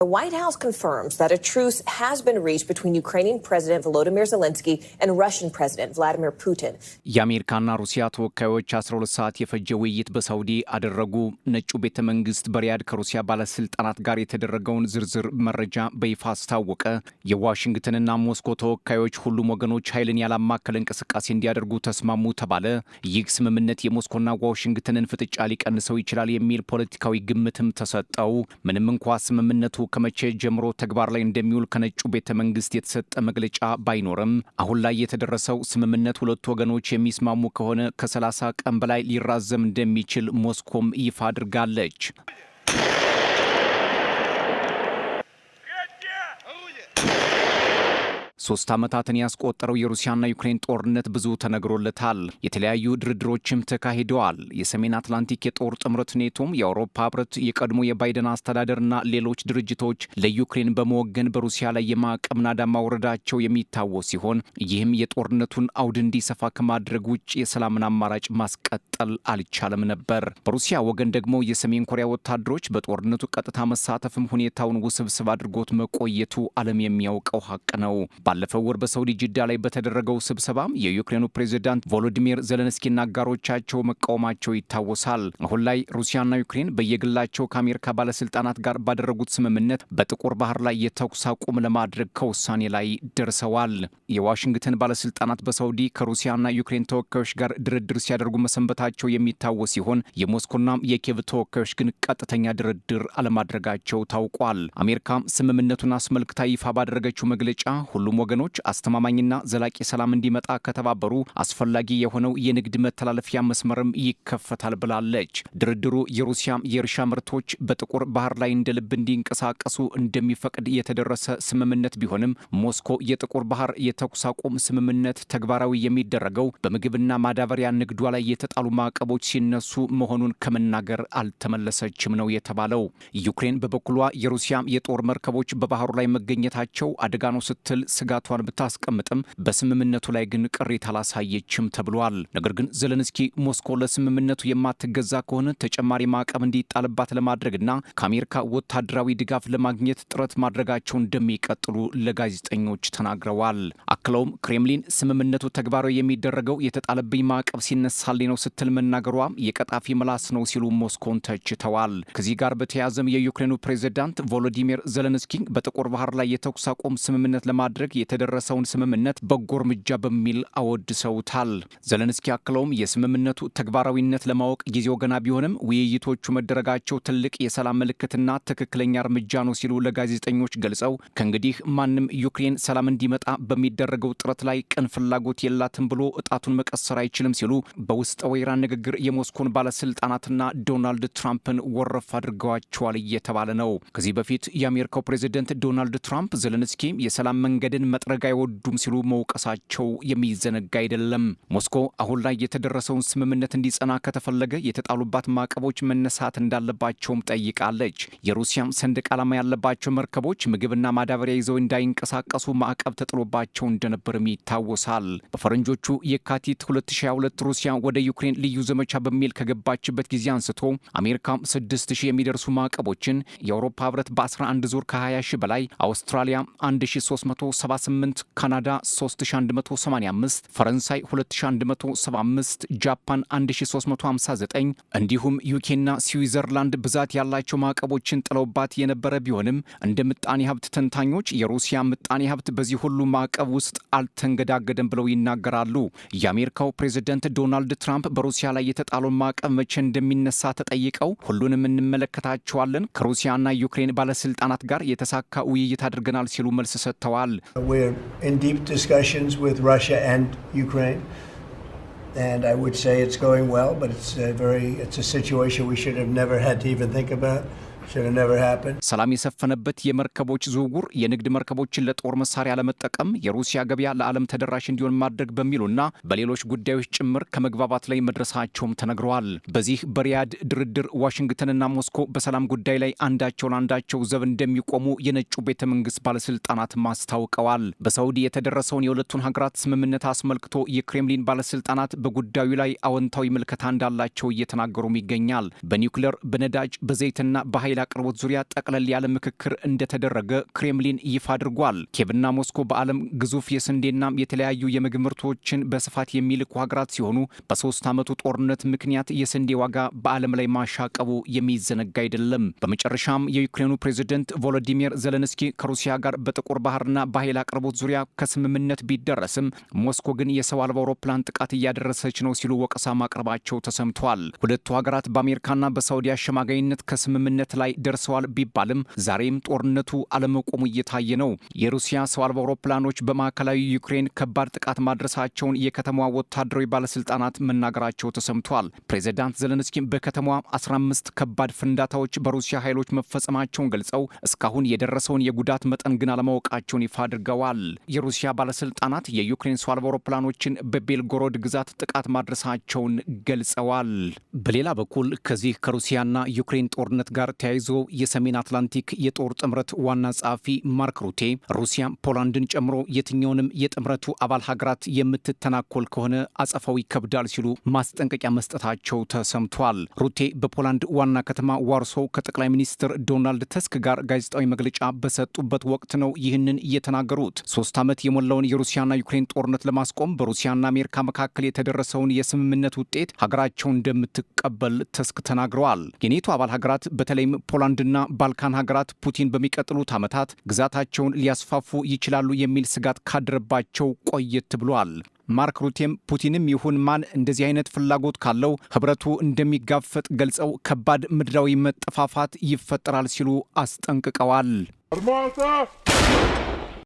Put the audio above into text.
The White House confirms that a truce has been reached between Ukrainian President Volodymyr Zelensky and Russian President Vladimir Putin. የአሜሪካና ሩሲያ ተወካዮች 12 ሰዓት የፈጀ ውይይት በሳውዲ አደረጉ። ነጩ ቤተ መንግስት በሪያድ ከሩሲያ ባለስልጣናት ጋር የተደረገውን ዝርዝር መረጃ በይፋ አስታወቀ። የዋሽንግተንና ሞስኮ ተወካዮች ሁሉም ወገኖች ኃይልን ያላማከለ እንቅስቃሴ እንዲያደርጉ ተስማሙ ተባለ። ይህ ስምምነት የሞስኮና ዋሽንግተንን ፍጥጫ ሊቀንሰው ይችላል የሚል ፖለቲካዊ ግምትም ተሰጠው። ምንም እንኳ ስምምነቱ ከመቼ ጀምሮ ተግባር ላይ እንደሚውል ከነጩ ቤተ መንግስት የተሰጠ መግለጫ ባይኖርም አሁን ላይ የተደረሰው ስምምነት ሁለቱ ወገኖች የሚስማሙ ከሆነ ከ30 ቀን በላይ ሊራዘም እንደሚችል ሞስኮም ይፋ አድርጋለች። ሶስት ዓመታትን ያስቆጠረው የሩሲያና ዩክሬን ጦርነት ብዙ ተነግሮለታል። የተለያዩ ድርድሮችም ተካሂደዋል። የሰሜን አትላንቲክ የጦር ጥምረት ኔቶም፣ የአውሮፓ ህብረት፣ የቀድሞ የባይደን አስተዳደርና ሌሎች ድርጅቶች ለዩክሬን በመወገን በሩሲያ ላይ የማዕቀብ ናዳ ማውረዳቸው የሚታወስ ሲሆን ይህም የጦርነቱን አውድ እንዲሰፋ ከማድረግ ውጭ የሰላምን አማራጭ ማስቀጠል አልቻለም ነበር። በሩሲያ ወገን ደግሞ የሰሜን ኮሪያ ወታደሮች በጦርነቱ ቀጥታ መሳተፍም ሁኔታውን ውስብስብ አድርጎት መቆየቱ ዓለም የሚያውቀው ሀቅ ነው። ባለፈው ወር በሳውዲ ጅዳ ላይ በተደረገው ስብሰባ የዩክሬኑ ፕሬዚዳንት ቮሎዲሚር ዘለንስኪና አጋሮቻቸው መቃወማቸው ይታወሳል። አሁን ላይ ሩሲያና ዩክሬን በየግላቸው ከአሜሪካ ባለስልጣናት ጋር ባደረጉት ስምምነት በጥቁር ባህር ላይ የተኩስ አቁም ለማድረግ ከውሳኔ ላይ ደርሰዋል። የዋሽንግተን ባለስልጣናት በሳውዲ ከሩሲያና ዩክሬን ተወካዮች ጋር ድርድር ሲያደርጉ መሰንበታቸው የሚታወስ ሲሆን የሞስኮና የኬቭ ተወካዮች ግን ቀጥተኛ ድርድር አለማድረጋቸው ታውቋል። አሜሪካ ስምምነቱን አስመልክታ ይፋ ባደረገችው መግለጫ ሁሉም ወገኖች አስተማማኝና ዘላቂ ሰላም እንዲመጣ ከተባበሩ አስፈላጊ የሆነው የንግድ መተላለፊያ መስመርም ይከፈታል ብላለች። ድርድሩ የሩሲያም የእርሻ ምርቶች በጥቁር ባህር ላይ እንደ ልብ እንዲንቀሳቀሱ እንደሚፈቅድ የተደረሰ ስምምነት ቢሆንም ሞስኮ የጥቁር ባህር የተኩስ አቁም ስምምነት ተግባራዊ የሚደረገው በምግብና ማዳበሪያ ንግዷ ላይ የተጣሉ ማዕቀቦች ሲነሱ መሆኑን ከመናገር አልተመለሰችም ነው የተባለው። ዩክሬን በበኩሏ የሩሲያም የጦር መርከቦች በባህሩ ላይ መገኘታቸው አደጋ ነው ስትል ስጋ ስጋቷን ብታስቀምጥም በስምምነቱ ላይ ግን ቅሬታ አላሳየችም ተብሏል። ነገር ግን ዘለንስኪ ሞስኮ ለስምምነቱ የማትገዛ ከሆነ ተጨማሪ ማዕቀብ እንዲጣልባት ለማድረግና ከአሜሪካ ወታደራዊ ድጋፍ ለማግኘት ጥረት ማድረጋቸው እንደሚቀጥሉ ለጋዜጠኞች ተናግረዋል። አክለውም ክሬምሊን ስምምነቱ ተግባራዊ የሚደረገው የተጣለብኝ ማዕቀብ ሲነሳልኝ ነው ስትል መናገሯ የቀጣፊ ምላስ ነው ሲሉ ሞስኮን ተችተዋል። ከዚህ ጋር በተያያዘም የዩክሬኑ ፕሬዚዳንት ቮሎዲሚር ዘለንስኪ በጥቁር ባህር ላይ የተኩስ አቁም ስምምነት ለማድረግ የተደረሰውን ስምምነት በጎ እርምጃ በሚል አወድሰውታል። ዘለንስኪ አክለውም የስምምነቱ ተግባራዊነት ለማወቅ ጊዜው ገና ቢሆንም ውይይቶቹ መደረጋቸው ትልቅ የሰላም ምልክትና ትክክለኛ እርምጃ ነው ሲሉ ለጋዜጠኞች ገልጸው ከእንግዲህ ማንም ዩክሬን ሰላም እንዲመጣ በሚደረገው ጥረት ላይ ቅን ፍላጎት የላትም ብሎ እጣቱን መቀሰር አይችልም ሲሉ በውስጠ ወይራን ንግግር የሞስኮን ባለስልጣናትና ዶናልድ ትራምፕን ወረፍ አድርገዋቸዋል እየተባለ ነው። ከዚህ በፊት የአሜሪካው ፕሬዝደንት ዶናልድ ትራምፕ ዘለንስኪ የሰላም መንገድን መጥረግ አይወዱም ሲሉ መውቀሳቸው የሚዘነጋ አይደለም። ሞስኮ አሁን ላይ የተደረሰውን ስምምነት እንዲጸና ከተፈለገ የተጣሉባት ማዕቀቦች መነሳት እንዳለባቸውም ጠይቃለች። የሩሲያም ሰንደቅ ዓላማ ያለባቸው መርከቦች ምግብና ማዳበሪያ ይዘው እንዳይንቀሳቀሱ ማዕቀብ ተጥሎባቸው እንደነበርም ይታወሳል። በፈረንጆቹ የካቲት 2022 ሩሲያ ወደ ዩክሬን ልዩ ዘመቻ በሚል ከገባችበት ጊዜ አንስቶ አሜሪካም 6000 የሚደርሱ ማዕቀቦችን የአውሮፓ ህብረት በ11 ዙር ከ20 ሺህ በላይ አውስትራሊያ 1377 248 ካናዳ 3185 ፈረንሳይ 2175 ጃፓን 1359 እንዲሁም ዩኬና ስዊዘርላንድ ብዛት ያላቸው ማዕቀቦችን ጥለውባት የነበረ ቢሆንም እንደ ምጣኔ ሀብት ተንታኞች የሩሲያ ምጣኔ ሀብት በዚህ ሁሉ ማዕቀብ ውስጥ አልተንገዳገደም ብለው ይናገራሉ። የአሜሪካው ፕሬዝደንት ዶናልድ ትራምፕ በሩሲያ ላይ የተጣለውን ማዕቀብ መቼ እንደሚነሳ ተጠይቀው ሁሉንም እንመለከታቸዋለን ከሩሲያና ዩክሬን ባለስልጣናት ጋር የተሳካ ውይይት አድርገናል ሲሉ መልስ ሰጥተዋል። we're in deep discussions with Russia and Ukraine, and I would say it's going well, but it's a very it's a situation we should have never had to even think about. ሰላም የሰፈነበት የመርከቦች ዝውውር የንግድ መርከቦችን ለጦር መሳሪያ ለመጠቀም የሩሲያ ገበያ ለዓለም ተደራሽ እንዲሆን ማድረግ በሚሉና በሌሎች ጉዳዮች ጭምር ከመግባባት ላይ መድረሳቸውም ተነግረዋል። በዚህ በሪያድ ድርድር ዋሽንግተንና ሞስኮ በሰላም ጉዳይ ላይ አንዳቸውን አንዳቸው ዘብ እንደሚቆሙ የነጩ ቤተ መንግስት ባለስልጣናትም አስታውቀዋል። በሳውዲ የተደረሰውን የሁለቱን ሀገራት ስምምነት አስመልክቶ የክሬምሊን ባለስልጣናት በጉዳዩ ላይ አዎንታዊ ምልከታ እንዳላቸው እየተናገሩም ይገኛል። በኒውክሌር በነዳጅ በዘይትና በኃይል በኃይል አቅርቦት ዙሪያ ጠቅለል ያለ ምክክር እንደተደረገ ክሬምሊን ይፋ አድርጓል። ኬብና ሞስኮ በዓለም ግዙፍ የስንዴና የተለያዩ የምግብ ምርቶችን በስፋት የሚልኩ ሀገራት ሲሆኑ በሶስት ዓመቱ ጦርነት ምክንያት የስንዴ ዋጋ በዓለም ላይ ማሻቀቡ የሚዘነጋ አይደለም። በመጨረሻም የዩክሬኑ ፕሬዚደንት ቮሎዲሚር ዘለንስኪ ከሩሲያ ጋር በጥቁር ባህርና በኃይል አቅርቦት ዙሪያ ከስምምነት ቢደረስም ሞስኮ ግን የሰው አልባ አውሮፕላን ጥቃት እያደረሰች ነው ሲሉ ወቀሳ ማቅረባቸው ተሰምተዋል። ሁለቱ ሀገራት በአሜሪካና በሳውዲ አሸማጋይነት ከስምምነት ላይ ላይ ደርሰዋል ቢባልም ዛሬም ጦርነቱ አለመቆሙ እየታየ ነው። የሩሲያ ሰው አልባ አውሮፕላኖች በማዕከላዊ ዩክሬን ከባድ ጥቃት ማድረሳቸውን የከተማዋ ወታደራዊ ባለስልጣናት መናገራቸው ተሰምቷል። ፕሬዚዳንት ዘለንስኪ በከተማዋ 15 ከባድ ፍንዳታዎች በሩሲያ ኃይሎች መፈጸማቸውን ገልጸው እስካሁን የደረሰውን የጉዳት መጠን ግን አለማወቃቸውን ይፋ አድርገዋል። የሩሲያ ባለስልጣናት የዩክሬን ሰው አልባ አውሮፕላኖችን በቤልጎሮድ ግዛት ጥቃት ማድረሳቸውን ገልጸዋል። በሌላ በኩል ከዚህ ከሩሲያና ዩክሬን ጦርነት ጋር ተያ ተያይዞ የሰሜን አትላንቲክ የጦር ጥምረት ዋና ጸሐፊ ማርክ ሩቴ ሩሲያ ፖላንድን ጨምሮ የትኛውንም የጥምረቱ አባል ሀገራት የምትተናኮል ከሆነ አጸፋው ይከብዳል ሲሉ ማስጠንቀቂያ መስጠታቸው ተሰምቷል። ሩቴ በፖላንድ ዋና ከተማ ዋርሶ ከጠቅላይ ሚኒስትር ዶናልድ ተስክ ጋር ጋዜጣዊ መግለጫ በሰጡበት ወቅት ነው ይህንን እየተናገሩት። ሶስት ዓመት የሞላውን የሩሲያና ዩክሬን ጦርነት ለማስቆም በሩሲያና አሜሪካ መካከል የተደረሰውን የስምምነት ውጤት ሀገራቸው እንደምትቀበል ተስክ ተናግረዋል። የኔቶ አባል ሀገራት በተለይም ፖላንድና ባልካን ሀገራት ፑቲን በሚቀጥሉት ዓመታት ግዛታቸውን ሊያስፋፉ ይችላሉ የሚል ስጋት ካደረባቸው ቆየት ብሏል። ማርክ ሩቴም ፑቲንም ይሁን ማን እንደዚህ አይነት ፍላጎት ካለው ህብረቱ እንደሚጋፈጥ ገልጸው ከባድ ምድራዊ መጠፋፋት ይፈጠራል ሲሉ አስጠንቅቀዋል።